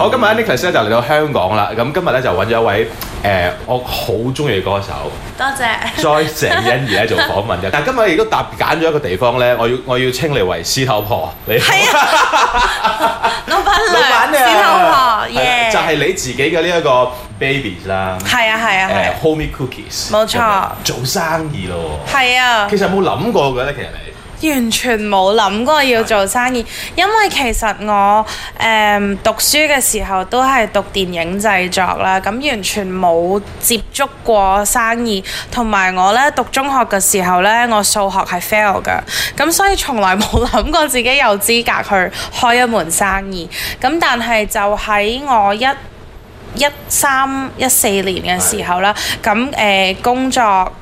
好，今日 Anika 就嚟到香港啦。咁今日咧就揾咗一位誒、呃、我好中意嘅歌手，多謝 Joyce 鄭欣宜咧做訪問嘅。但係今日亦都特別揀咗一個地方咧，我要我要稱你為師頭婆，你好。係啊， 老闆娘，老闆娘師頭婆、yeah. 啊、就係、係、你自己嘅呢一個 babies 啦、啊。係啊係啊係。呃、Homie cookies。冇錯。做生意咯。係啊。其實有冇諗過嘅咧？其實你？完全冇諗過要做生意，因為其實我誒、嗯、讀書嘅時候都係讀電影製作啦，咁完全冇接觸過生意。同埋我咧讀中學嘅時候咧，我數學係 fail 嘅，咁所以從來冇諗過自己有資格去開一門生意。咁但係就喺我一一三一四年嘅時候啦，咁誒的、呃、工作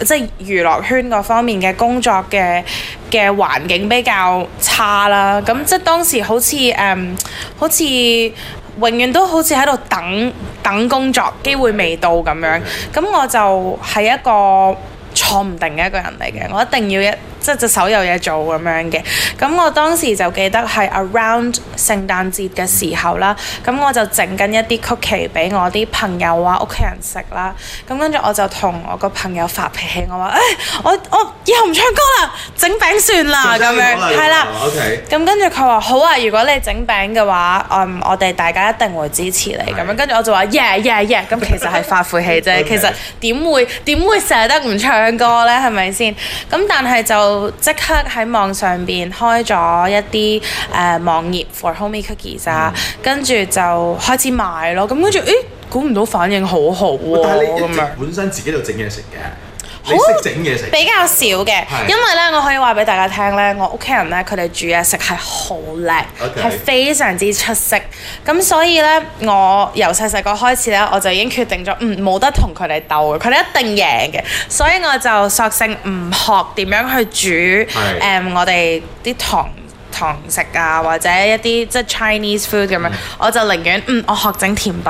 即係娛樂圈嗰方面嘅工作嘅。嘅環境比較差啦，咁即係當時好似誒，um, 好似永遠都好似喺度等等工作機會未到咁樣，咁我就係一個坐唔定嘅一個人嚟嘅，我一定要一。即係隻手有嘢做咁樣嘅，咁我當時就記得係 around 聖誕節嘅時候啦，咁我就整緊一啲曲奇俾我啲朋友啊、屋企人食啦，咁跟住我就同我個朋友發脾氣，我話：誒，我我以後唔唱歌啦，整餅算啦，咁樣係啦。OK，咁跟住佢話：好啊，如果你整餅嘅話，嗯，我哋大家一定會支持你。咁樣跟住我就話：yeah yeah yeah。 咁其實係發晦氣啫， 其實點會點會捨得唔唱歌呢？係咪先？咁但係就。就即刻喺網上邊開咗一啲誒、uh，網頁 for homemade cookies 啊、嗯，跟住就開始賣咯。咁跟住誒，估唔到反應好好、啊、喎。咁樣本身自己就整嘢食嘅。好識整嘢食比較少嘅，是因為咧我可以話俾大家聽咧，我屋企人咧佢哋煮嘢食係好叻，係 Okay. 非常之出色。咁所以咧，我由細細個開始咧，我就已經決定咗，嗯，冇得同佢哋鬥嘅，佢哋一定贏嘅。所以我就索性唔學點樣去煮誒是、嗯，我哋啲唐唐食啊，或者一啲即係 Chinese food 咁樣、嗯，我就寧願嗯，我學整甜品。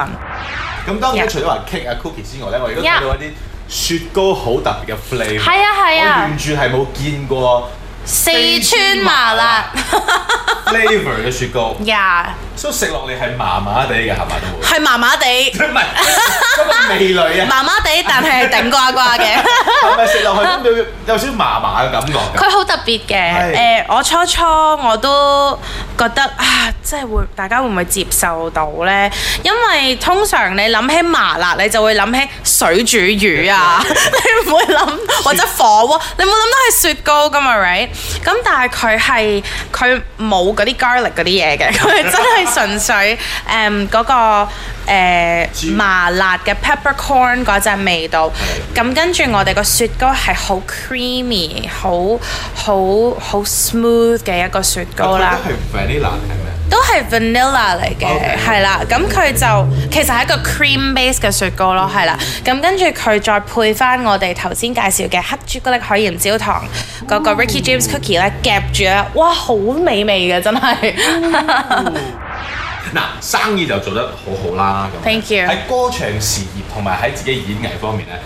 咁當然除咗話 cake Yeah. 啊 cookie 之外咧，我亦都聽一啲。Yeah. 雪糕好特別嘅 flavor 係啊係啊，啊完全係冇見過四川麻辣 flavor 嘅雪糕。呀 Yeah.、so,，所以食落嚟係麻麻地嘅，係咪都？係麻麻地，唔係，咁味蕾啊？麻麻地，但係頂呱呱嘅。係咪食落去有少少麻麻嘅感覺？佢好特別嘅，誒是、呃，我初初我都。覺得啊，即係會，大家會唔會接受到呢？因為通常你諗起麻辣，你就會諗起水煮魚啊， 你唔會諗或者火鍋，你冇諗到係雪糕噶嘛，right？咁但係佢係佢冇嗰啲 garlic 嗰啲嘢嘅，佢真係純粹誒嗰、 um, 嗰個。誒、呃、士麻辣嘅 peppercorn 嗰陣味道，咁的跟住我哋個雪糕係好 creamy，好好好 smooth 嘅一個雪糕啦。都係 vanilla 係咪啊？都係 vanilla 嚟嘅，係啦 Okay.。咁佢就其實係一個 cream base 嘅雪糕咯，係啦、嗯。咁跟住佢再配翻我哋頭先介紹嘅黑朱古力海鹽焦糖嗰、哦、個 Ricky James cookie 咧，夾住啊，哇，好美味嘅真係。哦 嗱，生意就做得好好啦，咁喺 Thank you. 歌唱事業同埋喺自己演藝方面咧，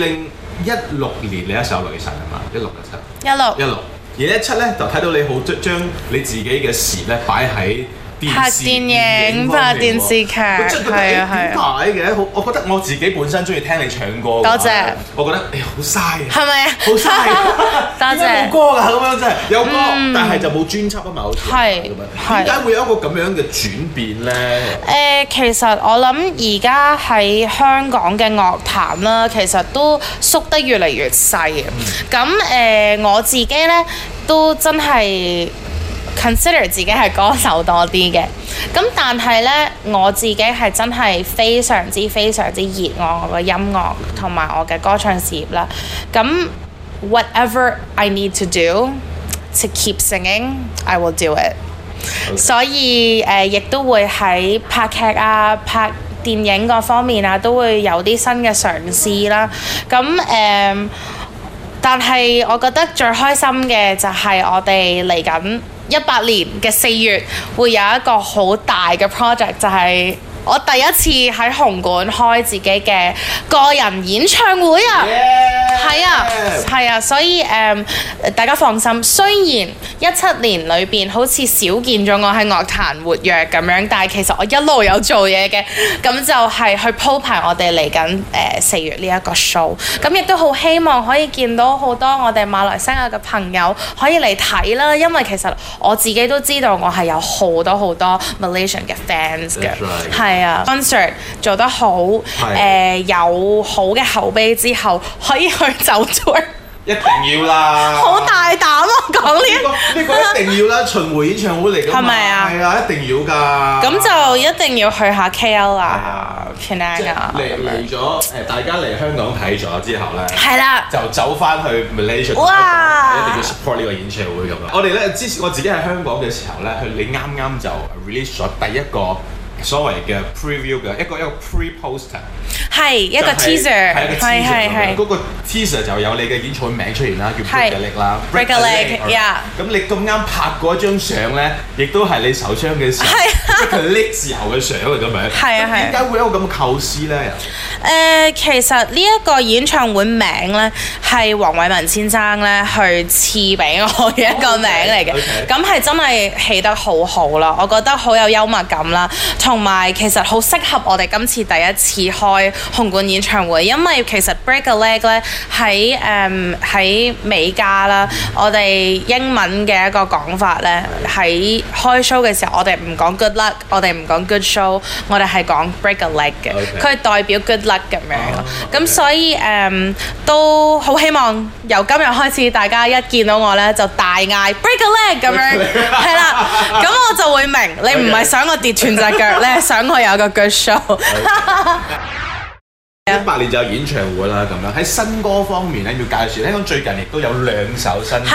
二零一六年你一首女神吖嘛？一六一七一六一六而一七咧，就睇到你好將你自己嘅事咧擺喺。拍電影、拍電視劇，係啊係啊。點解嘅？好，我覺得我自己本身中意聽你唱歌。多謝。我覺得誒好嘥。係咪啊？好嘥。多謝。有歌㗎咁樣啫，有歌，但係就冇專輯啊嘛，好似係咁樣。點解會有一個咁樣嘅轉變呢？誒，其實我諗而家喺香港嘅樂壇啦，其實都縮得越嚟越細嘅。咁誒，我自己呢，都真係。Consider 自己係歌手多啲嘅，咁但係呢，我自己係真係非常之非常之熱愛我嘅音樂同埋我嘅歌唱事業啦。咁 Whatever I need to do to keep singing, I will do it。Okay. 所以誒、呃，亦都會喺拍劇啊、拍電影嗰方面啊，都會有啲新嘅嘗試啦。咁誒、呃，但係我覺得最開心嘅就係我哋嚟緊。一八年嘅四月會有一個好大嘅 project，就係、是。我第一次喺紅館開自己嘅個人演唱會啊！係 Yeah. 啊，係啊，所以誒、嗯、大家放心，雖然一七年裏邊好似少見咗我喺樂壇活躍咁樣，但係其實我一路有做嘢嘅，咁就係去鋪排我哋嚟緊誒四月呢一個 show。咁亦都好希望可以見到好多我哋馬來西亞嘅朋友可以嚟睇啦，因為其實我自己都知道我係有好多好多 Malaysian 嘅 fans 嘅，係 That's right. 係啊，concert 做得好，誒有好嘅口碑之後，可以去走 tour，一定要啦！好大膽啊，講呢個，一定要啦，巡迴演唱會嚟㗎嘛，係咪啊？係啊，一定要㗎。咁就一定要去下 KL 啊，Penang。嚟嚟咗誒，大家嚟香港睇咗之後咧，係啦，就走翻去 Malaysia，一定要 support 呢個演唱會咁樣。我哋咧之前我自己喺香港嘅時候咧，佢你啱啱就 release 咗第一個。所謂嘅 preview 嘅一個一個 pre poster 係是、就是、一個 teaser 係係係嗰個 teaser 就有你嘅演唱名出現、er like、啦，叫 break a leg 啦，break a leg，yeah。咁你咁啱拍過一張相咧，亦都係你受傷嘅時，即係佢 lift 時候嘅相啊，咁樣。係係 是。點解會有個咁嘅構思咧？誒、呃，其實呢一個演唱會名咧，係黃偉文先生咧去賜俾我嘅一個名嚟嘅。咁係、 嗯、okay. 真係起得好好啦，我覺得好有幽默感啦。同埋其實好適合我哋今次第一次開紅館演唱會，因為其實 break a leg 呢，喺誒喺美加啦，我哋英文嘅一個講法呢，喺開 show 嘅時候，我哋唔講 good luck，我哋唔講 good show，我哋係講 break a leg 嘅，佢係代表 good luck 咁樣。咁所以誒都好希望由今日開始，大家一見到我呢，就大嗌 break a leg 咁樣，係啦，咁我就會明你唔係想我跌斷隻腳咧，你係想我有個腳數。一八年就有演唱會啦，咁樣喺新歌方面咧，要介紹。聽講最近亦都有兩首新歌，的大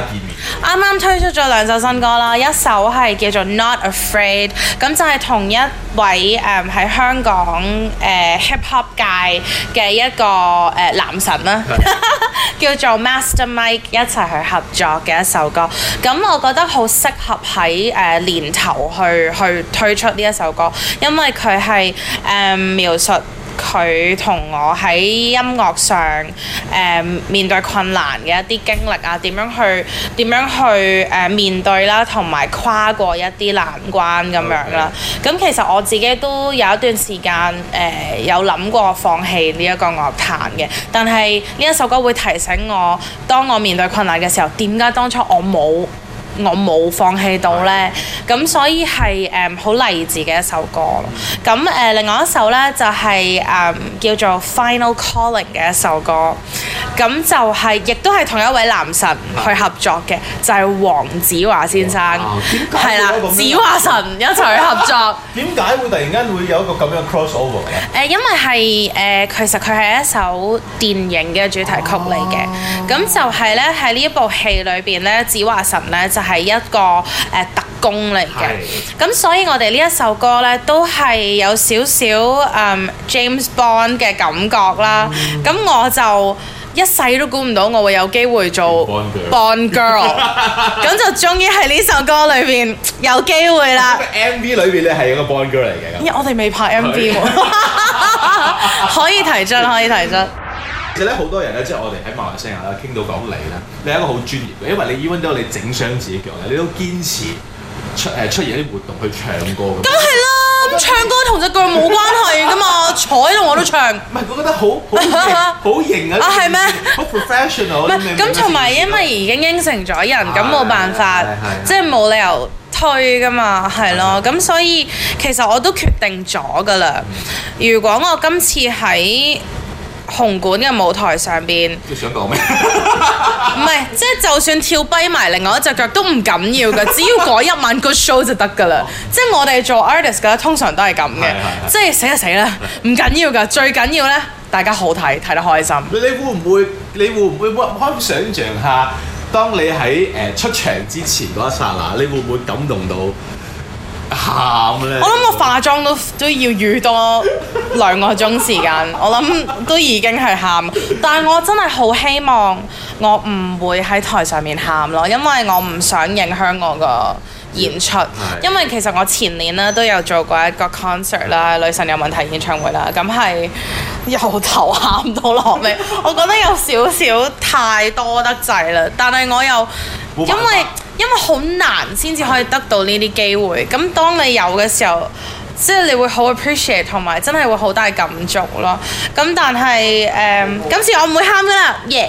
家見面，啱啱推出咗兩首新歌啦，一首係叫做《Not Afraid》，咁就係同一位誒喺、嗯、香港誒、呃、Hip Hop 界嘅一個誒、呃、男神啦，的 叫做 Master Mike 一齊去合作嘅一首歌。咁我覺得好適合喺誒、呃、年頭去去推出呢一首歌，因為佢係誒描述。佢同我喺音樂上誒、呃、面對困難嘅一啲經歷啊，點樣去點樣去誒、呃、面對啦，同埋跨過一啲難關咁樣啦。咁 Okay. 其實我自己都有一段時間誒、呃、有諗過放棄呢一個樂壇嘅，但係呢一首歌會提醒我，當我面對困難嘅時候，點解當初我冇？我冇放棄到咧，咁的所以係誒好勵志嘅一首歌咯。咁誒、呃、另外一首咧就係、是、誒、um, 叫做《Final Calling》嘅一首歌，咁就係、是、亦都係同一位男神去合作嘅，就係、是、黃子華先生。點解？係啦，子華神一齊去合作。點解會突然間會有一個咁樣 cross over 嘅誒、呃，因為係誒、呃、其實佢係一首電影嘅主題曲嚟嘅。咁、啊、就係咧喺呢一部戲裏邊咧，子華神咧就是、～係一個誒特工嚟嘅是，咁所以我哋呢一首歌呢，都係有少少誒 James Bond 嘅感覺啦。咁、嗯、我就一世都估唔到我會有機會做 Bond Girl，咁就終於喺呢首歌裏邊有機會啦。MV 裏邊咧係一個 Bond Girl 嚟嘅，因為我哋未拍 MV 喎，是 可以提進，可以提進。提進。其實咧，好多人咧，即係我哋喺馬來西亞啦，傾到講你啦。你係一個好專業嘅，因為你 even 都你整傷自己腳咧，你都堅持出誒出現啲活動去唱歌。咁係啦，唱歌同隻腳冇關係噶嘛，坐喺度我都唱。唔係，我覺得好好好型啊！啊，係咩？好 professional。唔係咁，同埋因為已經應承咗人，咁冇辦法，即係冇理由推噶嘛，係咯。咁所以其實我都決定咗噶啦，如果我今次喺紅館嘅舞台上邊，你想講咩？唔 係，即、就、係、是、就算跳跛埋另外一隻腳都唔緊要嘅，只要嗰一晚 Good Show 就得㗎啦。 即係我哋做 artist 嘅通常都係咁嘅，即係死就死啦，唔緊要㗎。最緊要咧，大家好睇，睇得開心。 你會唔會？你會唔會？可以想像下，當你喺誒出場之前嗰一剎那，你會唔會感動到？喊咧！我諗我化妝都都要預多兩個鐘時間， 我諗都已經係喊。但係我真係好希望我唔會喺台上面喊咯，因為我唔想影響我個演出。嗯、因為其實我前年咧都有做過一個 concert 啦，《女神有問題》演唱會啦，咁係由頭喊到落尾，我覺得有少少太多得滯啦。但係我又嗎因為因為好難先至可以得到呢啲機會，咁當你有嘅時候，即係你會好 appreciate 同埋真係會好大感觸咯。咁但係誒，um, 嗯、今次我唔會喊㗎啦 yeah。